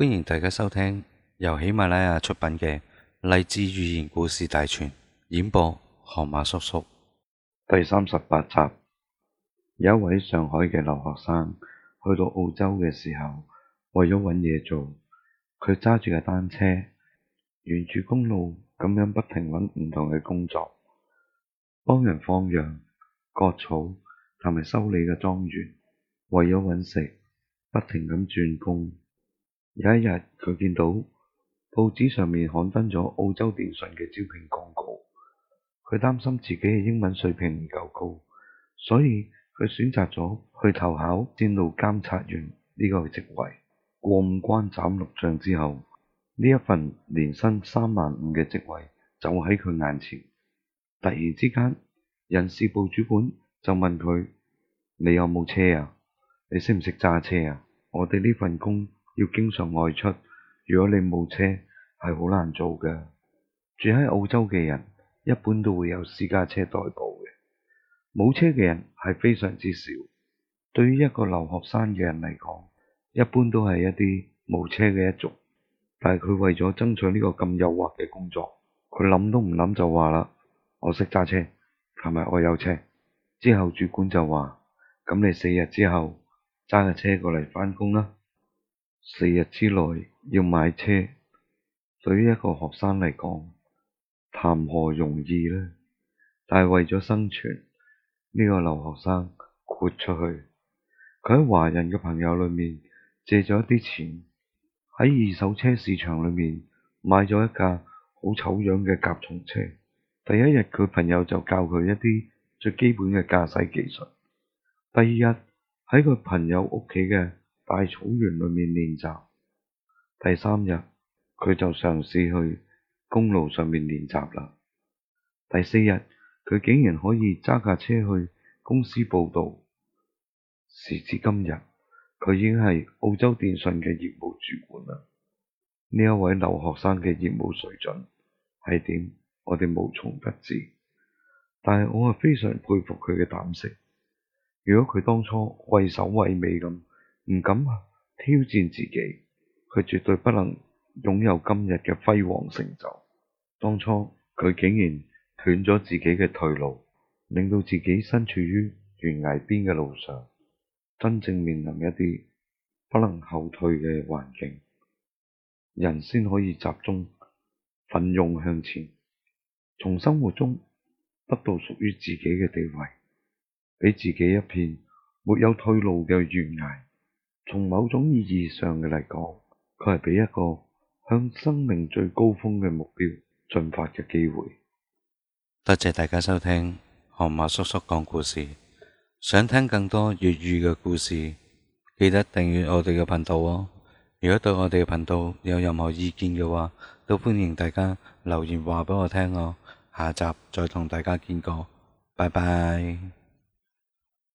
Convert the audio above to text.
歡迎大家收聽由喜馬拉雅出品嘅《勵志寓言故事大全》，演播河馬叔叔。第三十八集，有一位上海嘅留學生去到澳洲嘅時候，為咗搵嘢做，佢揸住架單車沿住公路咁樣不停搵唔同嘅工作，幫人放羊、割草，同埋修理嘅莊園，為咗搵食，不停咁轉工。有一日，佢見到報紙上面刊登咗澳洲電信嘅招聘廣告，佢擔心自己嘅英文水平唔夠高，所以佢選擇咗去投考線路監察員呢個職位。過五關斬六將之後，呢一份年薪三萬五嘅職位就喺佢眼前。突然之間，人事部主管就問佢：你有冇車啊？你識唔識揸車啊？我哋呢份工。要經常外出，如果你冇車係好難做嘅。住喺澳洲嘅人一般都會有私家車代步嘅，冇車嘅人係非常之少。對於一個留學生嘅人嚟講，一般都係一啲冇車嘅一族。但係佢為咗爭取呢個咁誘惑嘅工作，佢諗都唔諗就話啦：我識揸車，琴日我有車。之後主管就話：咁你四日之後揸個車過嚟翻工啦。四日之內要買車，對於一個學生嚟講，談何容易呢？但係為咗生存，呢個留學生豁出去，佢喺華人嘅朋友裏面借咗一啲錢，喺二手車市場裏面買咗一架好醜樣嘅甲蟲車。第一日佢朋友就教佢一啲最基本嘅駕駛技術。第二日喺佢朋友屋企嘅大草原裏面練習，第三日佢就嘗試去公路上面練習啦。第四日佢竟然可以揸架車去公司報到。時至今日，佢已經係澳洲電信嘅業務主管啦。呢一位留學生嘅業務水準係點，我哋無從得知。但係我係非常佩服佢嘅膽識。如果佢當初畏首畏尾咁，唔敢挑戰自己，佢絕對不能擁有今日嘅輝煌成就。當初佢竟然斷咗自己嘅退路，令到自己身處於懸崖邊嘅路上，真正面臨一啲不能後退嘅環境，人先可以集中奮勇向前，從生活中得到屬於自己嘅地位，俾自己一片沒有退路嘅懸崖。從某種意義上嘅嚟講，佢係俾一個向生命最高峰嘅目標進發嘅機會。多謝大家收聽河馬叔叔講故事。想聽更多粵語嘅故事，記得訂閱我哋嘅頻道哦。如果對我哋嘅頻道有任何意見嘅話，都歡迎大家留言話俾我聽哦。下集再同大家見過，拜拜。